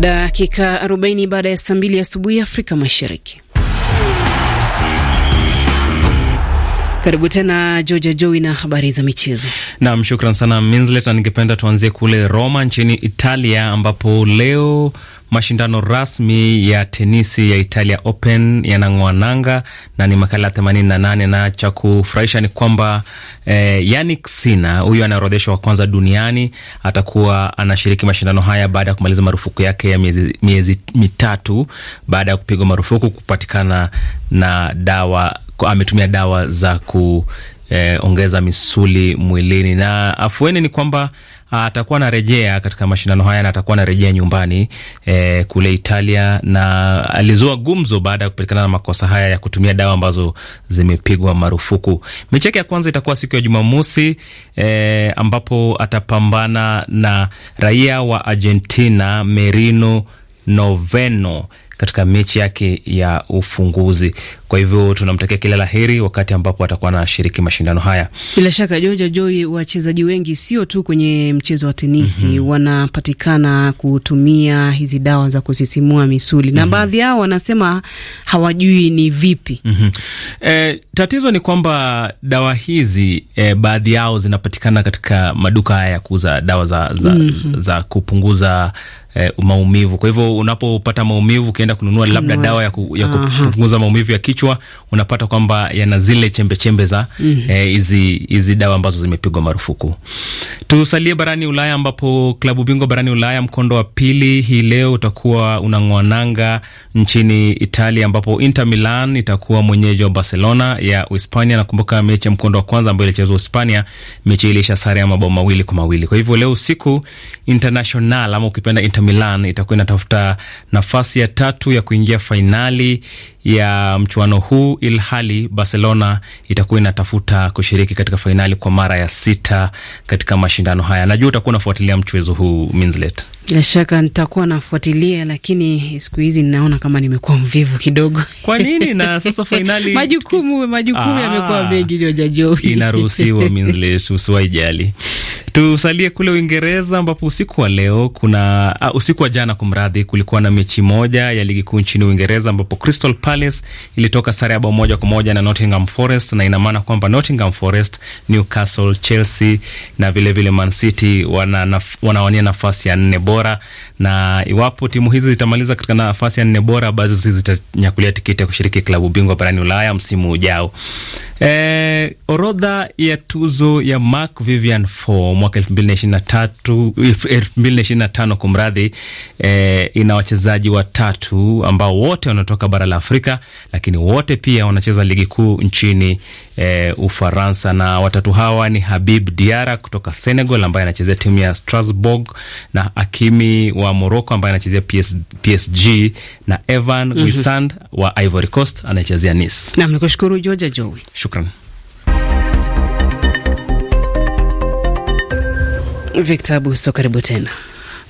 Dakika 40 baada ya saa mbili asubuhi Afrika Mashariki. Karibu tena Georgia Joi na habari za michezo. Naam, shukran sana Minslet, na ningependa tuanzie kule Roma nchini Italia ambapo leo Mashindano rasmi ya tenisi ya Italia Open yanang'oa nanga na ni makala ya 88 na cha kufurahisha ni kwamba eh, Yannick Sinner huyu anaorodheshwa wa kwanza duniani atakuwa anashiriki mashindano haya baada ya kumaliza marufuku yake ya miezi, miezi mitatu baada ya kupigwa marufuku kupatikana na dawa ametumia dawa za ku eh, ongeza misuli mwilini, na afueni ni kwamba ah, atakuwa anarejea katika mashindano haya na atakuwa anarejea nyumbani eh, kule Italia, na alizua gumzo baada ya kupatikana na makosa haya ya kutumia dawa ambazo zimepigwa marufuku. Mechi yake ya kwanza itakuwa siku ya Jumamosi eh, ambapo atapambana na raia wa Argentina Merino Noveno katika mechi yake ya ufunguzi. Kwa hivyo tunamtakia kila la heri wakati ambapo atakuwa anashiriki mashindano haya. Bila shaka Joja Joi, wachezaji wengi sio tu kwenye mchezo wa tenisi mm -hmm. wanapatikana kutumia hizi dawa za kusisimua misuli na mm -hmm. baadhi yao wanasema hawajui ni vipi mm -hmm. E, tatizo ni kwamba dawa hizi e, baadhi yao zinapatikana katika maduka haya ya kuuza dawa za, za, mm -hmm. za kupunguza eh, maumivu. Kwa hivyo unapopata maumivu ukienda kununua labda dawa ya, ku, ya kupunguza maumivu ya kichwa unapata kwamba yana zile chembechembe za mhm. eh, hizi mm. -hmm. eh, dawa ambazo zimepigwa marufuku. Tusalie barani Ulaya ambapo klabu bingwa barani Ulaya mkondo wa pili hii leo utakuwa unang'wananga nchini Italia ambapo Inter Milan itakuwa mwenyeji wa Barcelona ya Uhispania. Nakumbuka mechi ya mkondo wa kwanza ambayo ilichezwa Uhispania, mechi ilisha sare ya mabao mawili kwa mawili. Kwa hivyo leo usiku International ama ukipenda Inter Milan itakuwa inatafuta nafasi ya tatu ya kuingia fainali ya mchuano huu, ilhali Barcelona itakuwa inatafuta kushiriki katika fainali kwa mara ya sita katika mashindano haya. Najua utakuwa unafuatilia mchezo huu Minslet. Bila shaka nitakuwa nafuatilia, lakini siku hizi ninaona kama nimekuwa mvivu kidogo. Kwa nini? Na sasa fainali majukumu majukumu ah. yamekuwa mengi, jojajo inaruhusiwa Minslet, usiwaijali. Tusalie kule Uingereza ambapo usiku wa leo kuna uh, usiku wa jana kumradhi, kulikuwa na mechi moja ya ligi kuu nchini Uingereza ambapo Crystal Palace Palace ilitoka sare ya bao moja kwa moja na Nottingham Forest, na ina maana kwamba Nottingham Forest, Newcastle, Chelsea na vile vile Man City wana, wanawania nafasi ya nne bora, na iwapo timu hizi zitamaliza katika nafasi ya nne bora, basi zitanyakulia tiketi ya kushiriki klabu bingwa barani Ulaya msimu ujao. E, orodha ya tuzo ya Marc Vivian Foe mwaka na na ishirini 2023 2025 kumradhi, e, ina wachezaji watatu ambao wote wanatoka bara la Afrika Afrika, lakini wote pia wanacheza ligi kuu nchini e, Ufaransa. Na watatu hawa ni Habib Diara kutoka Senegal ambaye anachezea timu ya Strasbourg, na Akimi wa Morocco ambaye anachezea PS, PSG na Evan mm -hmm. Wisand wa Ivory Coast anayechezea Nice. Nam nikushukuru Georgia Joe. shukran. Victor Buso, karibu tena.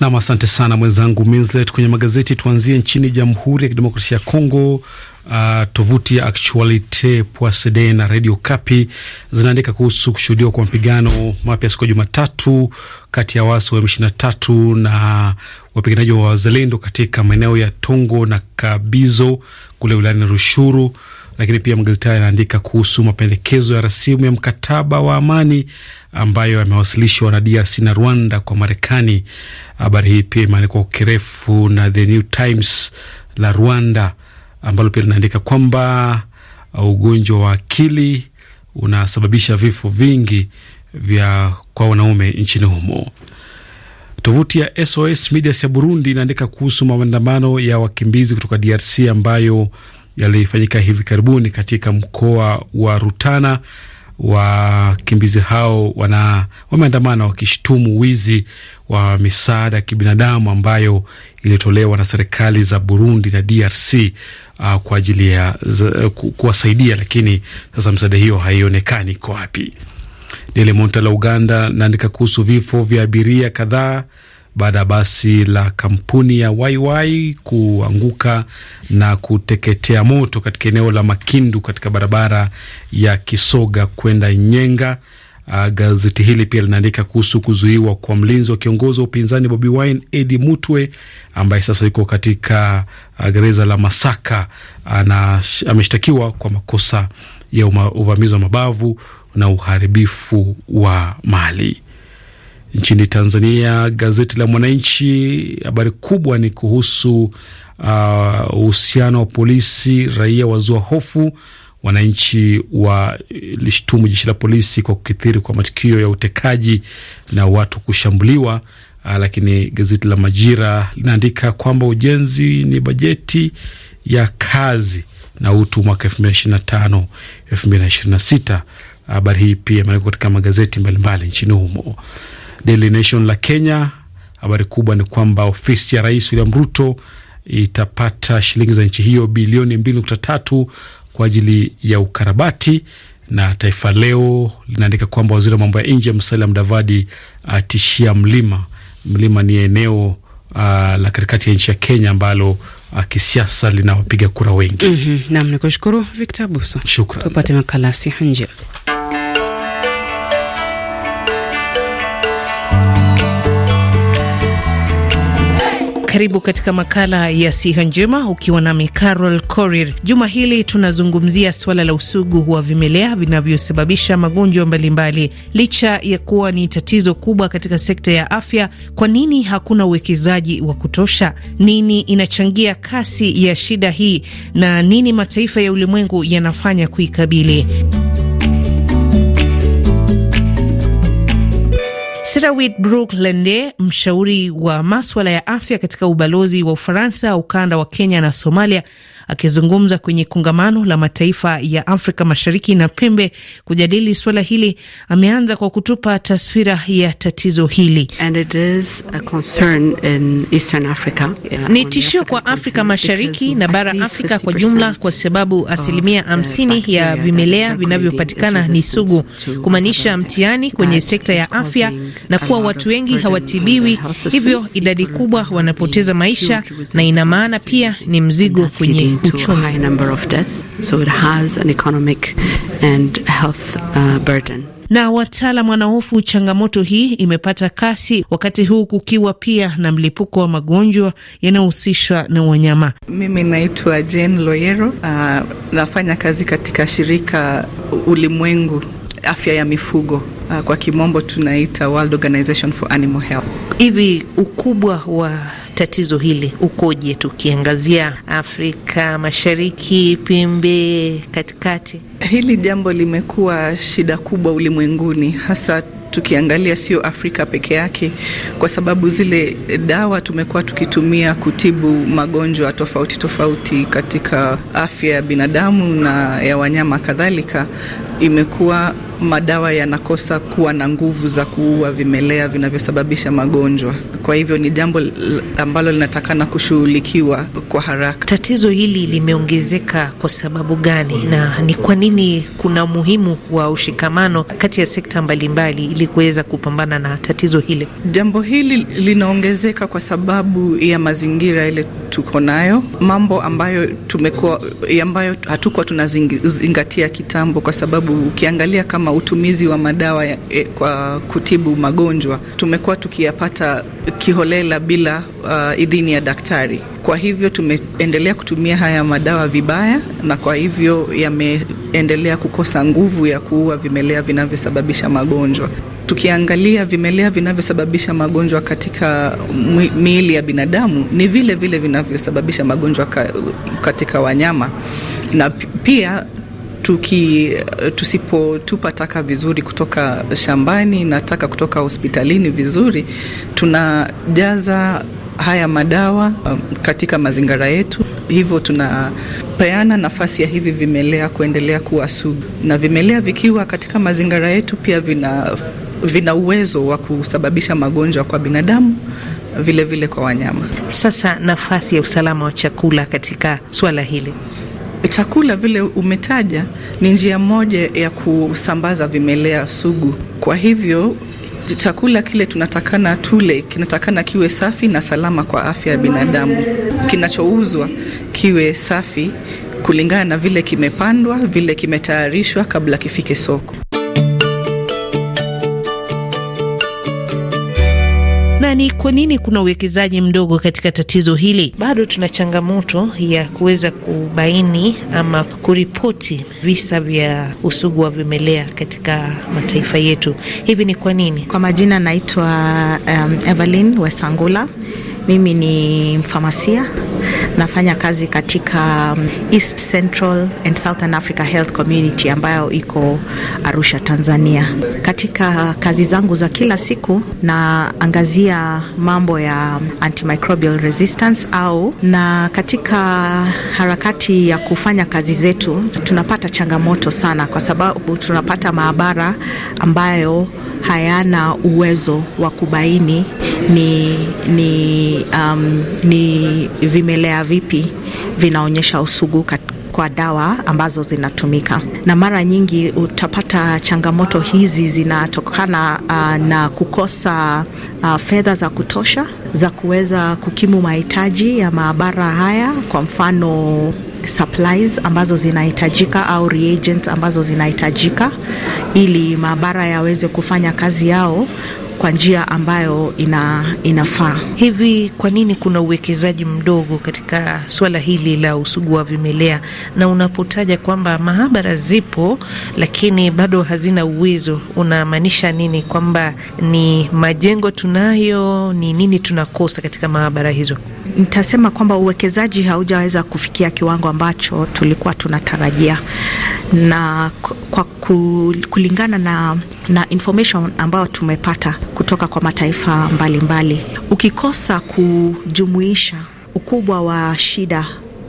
Nam, asante sana mwenzangu Minslet. Kwenye magazeti tuanzie nchini Jamhuri ya Kidemokrasia ya Kongo. Uh, tovuti ya Actualite Poisede na Radio Kapi zinaandika kuhusu kushuhudiwa kwa mapigano mapya siku ya Jumatatu kati ya waasi wa M23 na wapiganaji wa Wazalendo katika maeneo ya Tongo na Kabizo kule wilayani Rushuru. Lakini pia magazeti haya yanaandika kuhusu mapendekezo ya rasimu ya mkataba wa amani ambayo yamewasilishwa na DRC na Rwanda kwa Marekani. Habari hii pia imeandikwa kwa kirefu na The New Times la Rwanda ambalo pia linaandika kwamba ugonjwa wa akili unasababisha vifo vingi vya kwa wanaume nchini humo. Tovuti ya SOS Medias ya Burundi inaandika kuhusu maandamano ya wakimbizi kutoka DRC ambayo yaliyofanyika hivi karibuni katika mkoa wa Rutana. Wakimbizi hao wana wameandamana wakishtumu wizi wa misaada ya kibinadamu ambayo ilitolewa na serikali za Burundi na DRC uh, kwa ajili ya uh, kuwasaidia, lakini sasa msaada hiyo haionekani iko wapi. Daily Monitor la Uganda naandika kuhusu vifo vya abiria kadhaa baada ya basi la kampuni ya YY kuanguka na kuteketea moto katika eneo la Makindu katika barabara ya Kisoga kwenda Nyenga. Uh, gazeti hili pia linaandika kuhusu kuzuiwa kwa mlinzi wa kiongozi wa upinzani Bobi Wine Edi Mutwe ambaye sasa yuko katika uh, gereza la Masaka. Ana, ah, ameshtakiwa kwa makosa ya uvamizi wa mabavu na uharibifu wa mali. Nchini Tanzania, gazeti la Mwananchi, habari kubwa ni kuhusu uh, uhusiano wa polisi raia, wazua hofu. Wananchi walishtumu uh, jeshi la polisi kwa kukithiri kwa matukio ya utekaji na watu kushambuliwa. Uh, lakini gazeti la Majira linaandika kwamba ujenzi ni bajeti ya kazi na utu mwaka elfu mbili ishirini na tano elfu mbili na ishirini na sita. Habari hii pia imeandikwa katika magazeti mbalimbali mbali nchini humo. Daily Nation la Kenya, habari kubwa ni kwamba ofisi ya Rais William Ruto itapata shilingi za nchi hiyo bilioni 2.3 kwa ajili ya ukarabati na Taifa Leo linaandika kwamba waziri wa mambo ya nje Musalia Mudavadi atishia Mlima. Mlima ni eneo uh, la katikati ya nchi ya Kenya ambalo uh, kisiasa linawapiga kura wengi. mm -hmm. Nam ni kushukuru Victor Buso, shukran. Tupate makala ya siha njema. Karibu katika makala ya siha njema, ukiwa nami Carol Korir. Juma hili tunazungumzia suala la usugu wa vimelea vinavyosababisha magonjwa mbalimbali. Licha ya kuwa ni tatizo kubwa katika sekta ya afya, kwa nini hakuna uwekezaji wa kutosha? Nini inachangia kasi ya shida hii, na nini mataifa ya ulimwengu yanafanya kuikabili? Serawit Brook Lende, mshauri wa maswala ya afya katika ubalozi wa Ufaransa ukanda wa Kenya na Somalia, Akizungumza kwenye kongamano la mataifa ya Afrika Mashariki na Pembe kujadili suala hili, ameanza kwa kutupa taswira ya tatizo hili. Ni tishio kwa Afrika Mashariki na bara Afrika kwa jumla, kwa sababu asilimia hamsini ya vimelea vinavyopatikana ni sugu, kumaanisha mtihani kwenye sekta ya afya, na kuwa watu wengi hawatibiwi, hivyo idadi kubwa wanapoteza maisha, na ina maana pia ni mzigo kwenye to a high number of deaths, so it has an economic and health uh, burden. Na wataalam wanahofu changamoto hii imepata kasi wakati huu kukiwa pia na mlipuko wa magonjwa yanayohusishwa na wanyama. Mimi naitwa Jane Loyero, uh, nafanya kazi katika shirika ulimwengu afya ya mifugo uh, kwa kimombo tunaita World Organization for Animal Health. Hivi ukubwa wa tatizo hili ukoje, tukiangazia Afrika Mashariki, pembe katikati? Hili jambo limekuwa shida kubwa ulimwenguni, hasa tukiangalia sio Afrika peke yake, kwa sababu zile dawa tumekuwa tukitumia kutibu magonjwa tofauti tofauti katika afya ya binadamu na ya wanyama kadhalika, imekuwa madawa yanakosa kuwa na nguvu za kuua vimelea vinavyosababisha magonjwa. Kwa hivyo ni jambo ambalo linatakana kushughulikiwa kwa haraka. Tatizo hili limeongezeka kwa sababu gani, na ni kwa nini kuna umuhimu wa ushikamano kati ya sekta mbalimbali ili kuweza kupambana na tatizo hili? Jambo hili linaongezeka kwa sababu ya mazingira ile tuko nayo, mambo ambayo tumekuwa ambayo hatukuwa tunazingatia kitambo, kwa sababu ukiangalia kama utumizi wa madawa ya, eh, kwa kutibu magonjwa tumekuwa tukiyapata kiholela bila uh, idhini ya daktari. Kwa hivyo tumeendelea kutumia haya madawa vibaya, na kwa hivyo yameendelea kukosa nguvu ya kuua vimelea vinavyosababisha magonjwa. Tukiangalia vimelea vinavyosababisha magonjwa katika miili ya binadamu ni vile vile vinavyosababisha magonjwa ka, katika wanyama na pia tuki tusipotupa taka vizuri kutoka shambani na taka kutoka hospitalini vizuri, tunajaza haya madawa um, katika mazingira yetu, hivyo tunapeana nafasi ya hivi vimelea kuendelea kuwa sugu, na vimelea vikiwa katika mazingira yetu pia vina vina uwezo wa kusababisha magonjwa kwa binadamu vilevile vile kwa wanyama. Sasa nafasi ya usalama wa chakula katika suala hili Chakula vile umetaja ni njia moja ya kusambaza vimelea sugu. Kwa hivyo chakula kile tunatakana tule kinatakana kiwe safi na salama kwa afya ya binadamu. Kinachouzwa kiwe safi kulingana na vile kimepandwa, vile kimetayarishwa kabla kifike soko. na ni kwa nini kuna uwekezaji mdogo katika tatizo hili? Bado tuna changamoto ya kuweza kubaini ama kuripoti visa vya usugu wa vimelea katika mataifa yetu. Hivi ni kwa nini? Kwa majina naitwa um, Evelyn Wesangula. Mimi ni mfamasia, nafanya kazi katika um, East Central and Southern Africa Health Community ambayo iko Arusha, Tanzania. Katika kazi zangu za kila siku naangazia mambo ya antimicrobial resistance au, na katika harakati ya kufanya kazi zetu tunapata changamoto sana, kwa sababu tunapata maabara ambayo hayana uwezo wa kubaini ni, ni, um, ni vimelea vipi vinaonyesha usugu kwa dawa ambazo zinatumika, na mara nyingi utapata changamoto hizi zinatokana uh, na kukosa uh, fedha za kutosha za kuweza kukimu mahitaji ya maabara haya, kwa mfano supplies ambazo zinahitajika au reagents ambazo zinahitajika ili maabara yaweze kufanya kazi yao kwa njia ambayo ina, inafaa. Hivi kwa nini kuna uwekezaji mdogo katika suala hili la usugu wa vimelea? Na unapotaja kwamba maabara zipo lakini bado hazina uwezo, unamaanisha nini? Kwamba ni majengo tunayo, ni nini tunakosa katika maabara hizo? nitasema kwamba uwekezaji haujaweza kufikia kiwango ambacho tulikuwa tunatarajia, na kwa kulingana na, na information ambayo tumepata kutoka kwa mataifa mbalimbali mbali. Ukikosa kujumuisha ukubwa wa shida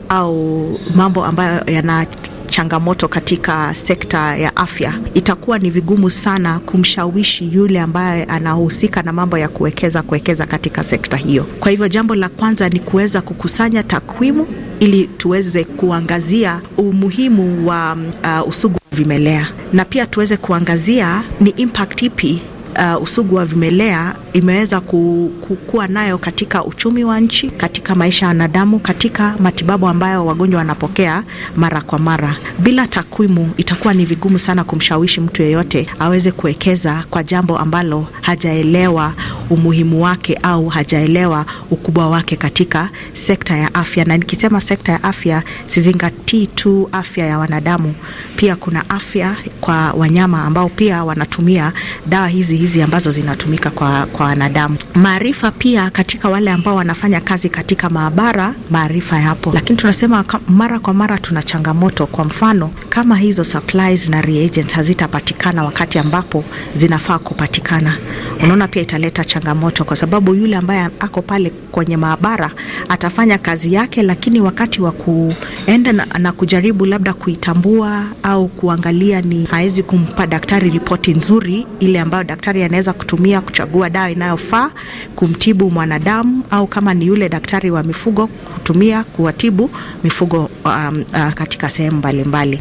au mambo ambayo yana changamoto katika sekta ya afya, itakuwa ni vigumu sana kumshawishi yule ambaye anahusika na mambo ya kuwekeza kuwekeza katika sekta hiyo. Kwa hivyo jambo la kwanza ni kuweza kukusanya takwimu ili tuweze kuangazia umuhimu wa uh, usugu vimelea na pia tuweze kuangazia ni impact ipi uh, usugu wa vimelea imeweza kuwa nayo katika uchumi wa nchi, katika maisha ya wanadamu, katika matibabu ambayo wagonjwa wanapokea mara kwa mara. Bila takwimu, itakuwa ni vigumu sana kumshawishi mtu yeyote aweze kuwekeza kwa jambo ambalo hajaelewa umuhimu wake au hajaelewa ukubwa wake katika sekta ya afya. Na nikisema sekta ya afya, sizingatii tu afya ya wanadamu, pia kuna afya kwa wanyama ambao pia wanatumia dawa hizi hizi ambazo zinatumika kwa kwa wanadamu. Maarifa pia katika wale ambao wanafanya kazi katika maabara, maarifa yapo, lakini tunasema mara kwa mara tuna changamoto. Kwa mfano kama hizo supplies na reagents hazitapatikana wakati ambapo zinafaa kupatikana, unaona pia italeta changamoto, kwa sababu yule ambaye ako pale kwenye maabara atafanya kazi yake, lakini wakati wa kuenda na, na kujaribu labda kuitambua au kuangalia, ni hawezi kumpa daktari ripoti nzuri ile ambayo daktari daktari anaweza kutumia kuchagua dawa inayofaa kumtibu mwanadamu, au kama ni yule daktari wa mifugo kutumia kuwatibu mifugo um, uh, katika sehemu mbalimbali.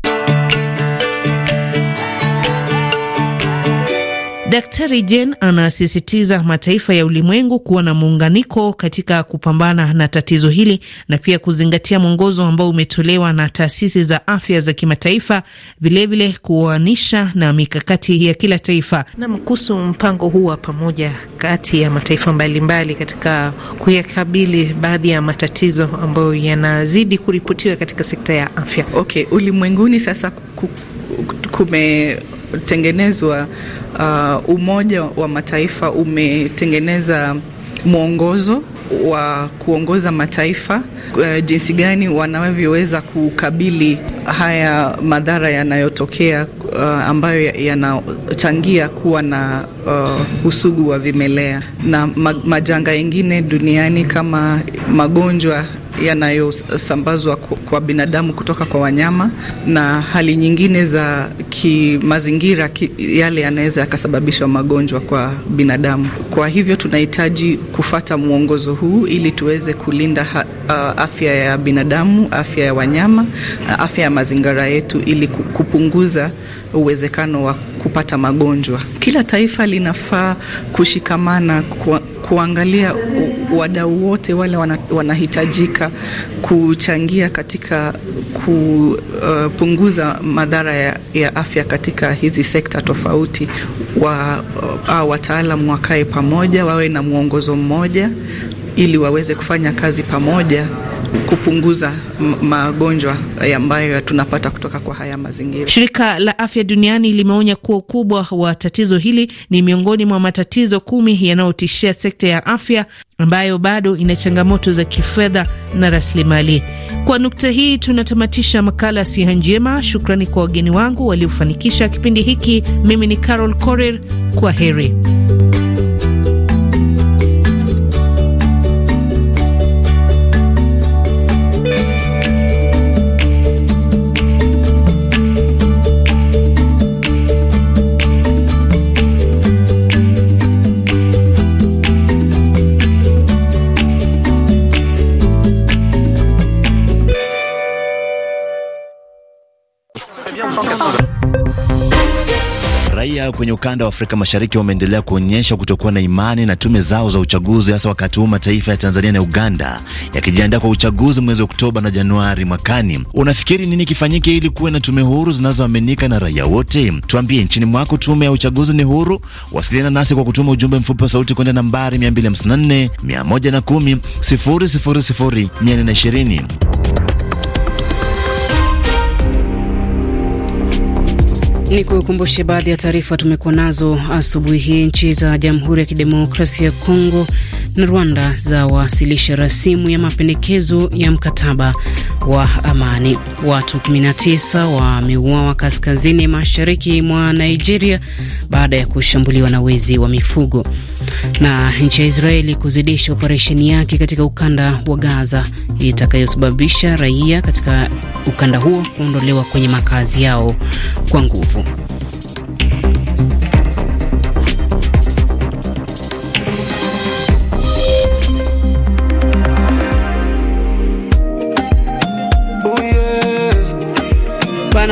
Daktari Jen anasisitiza mataifa ya ulimwengu kuwa na muunganiko katika kupambana na tatizo hili na pia kuzingatia mwongozo ambao umetolewa na taasisi za afya za kimataifa, vilevile kuoanisha na mikakati ya kila taifa. Nam, kuhusu mpango huu wa pamoja kati ya mataifa mbalimbali katika kuyakabili baadhi ya matatizo ambayo yanazidi kuripotiwa katika sekta ya afya. Okay, ulimwenguni sasa kuku kumetengenezwa uh, Umoja wa Mataifa umetengeneza mwongozo wa kuongoza mataifa uh, jinsi gani wanavyoweza kukabili haya madhara yanayotokea uh, ambayo yanachangia kuwa na uh, usugu wa vimelea na majanga yengine duniani kama magonjwa yanayosambazwa kwa binadamu kutoka kwa wanyama na hali nyingine za kimazingira ki, yale yanaweza yakasababisha magonjwa kwa binadamu. Kwa hivyo tunahitaji kufata mwongozo huu ili tuweze kulinda ha, a, afya ya binadamu, afya ya wanyama, afya ya mazingira yetu ili kupunguza uwezekano wa kupata magonjwa. Kila taifa linafaa kushikamana kwa kuangalia wadau wote wale wana, wanahitajika kuchangia katika kupunguza uh, madhara ya, ya afya katika hizi sekta tofauti. Wa, uh, wakae pamoja, wawe na mwongozo mmoja ili waweze kufanya kazi pamoja kupunguza magonjwa ambayo tunapata kutoka kwa haya mazingira. Shirika la Afya Duniani limeonya kuwa ukubwa wa tatizo hili ni miongoni mwa matatizo kumi yanayotishia sekta ya afya ambayo bado ina changamoto za kifedha na rasilimali. Kwa nukta hii tunatamatisha makala Siha Njema. Shukrani kwa wageni wangu waliofanikisha kipindi hiki. Mimi ni Carol Korir, kwa heri. Wadau kwenye ukanda wa Afrika Mashariki wameendelea kuonyesha kutokuwa na imani na tume zao za uchaguzi, hasa wakati huu mataifa ya Tanzania na Uganda yakijiandaa kwa uchaguzi mwezi Oktoba na Januari mwakani. Unafikiri nini kifanyike ili kuwe na tume huru zinazoaminika na raia wote? Tuambie nchini mwako tume ya uchaguzi ni huru. Wasiliana nasi kwa kutuma ujumbe mfupi wa sauti kwenda nambari 254 110 000 420. Ni kukumbushe baadhi ya taarifa tumekuwa nazo asubuhi hii. Nchi za Jamhuri ya Kidemokrasia ya Kongo na Rwanda zawasilisha rasimu ya mapendekezo ya mkataba wa amani. Watu 19 wameuawa kaskazini mashariki mwa Nigeria baada ya kushambuliwa na wezi wa mifugo. Na nchi ya Israeli kuzidisha operesheni yake katika ukanda wa Gaza itakayosababisha raia katika ukanda huo kuondolewa kwenye makazi yao kwa nguvu.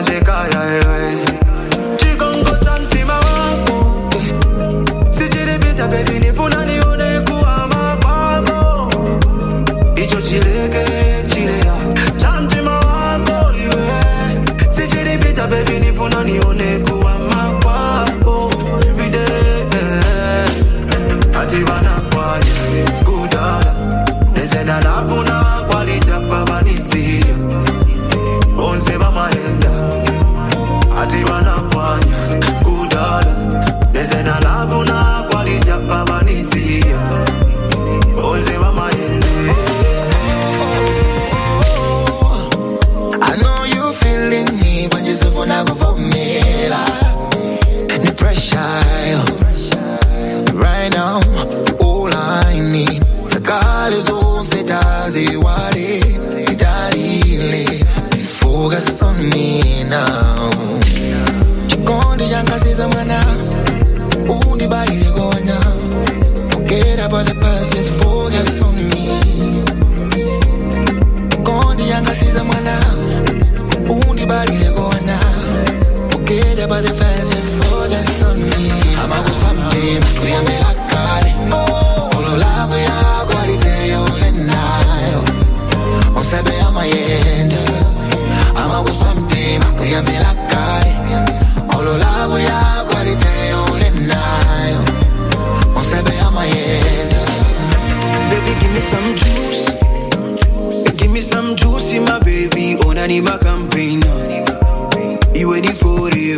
manje kaya, eh, party man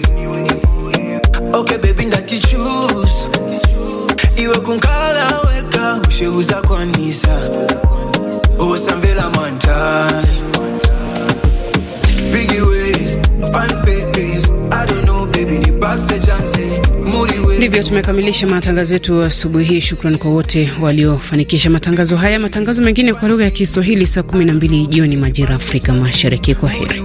wave. Okay, baby, iwe kunkala weka mantai ways i don't know baby ni chance Ndivyo tumekamilisha matangazo yetu asubuhi hii. Shukrani kwa wote waliofanikisha matangazo haya. Matangazo mengine kwa lugha ya Kiswahili saa 12 jioni majira Afrika Mashariki. Kwa heri.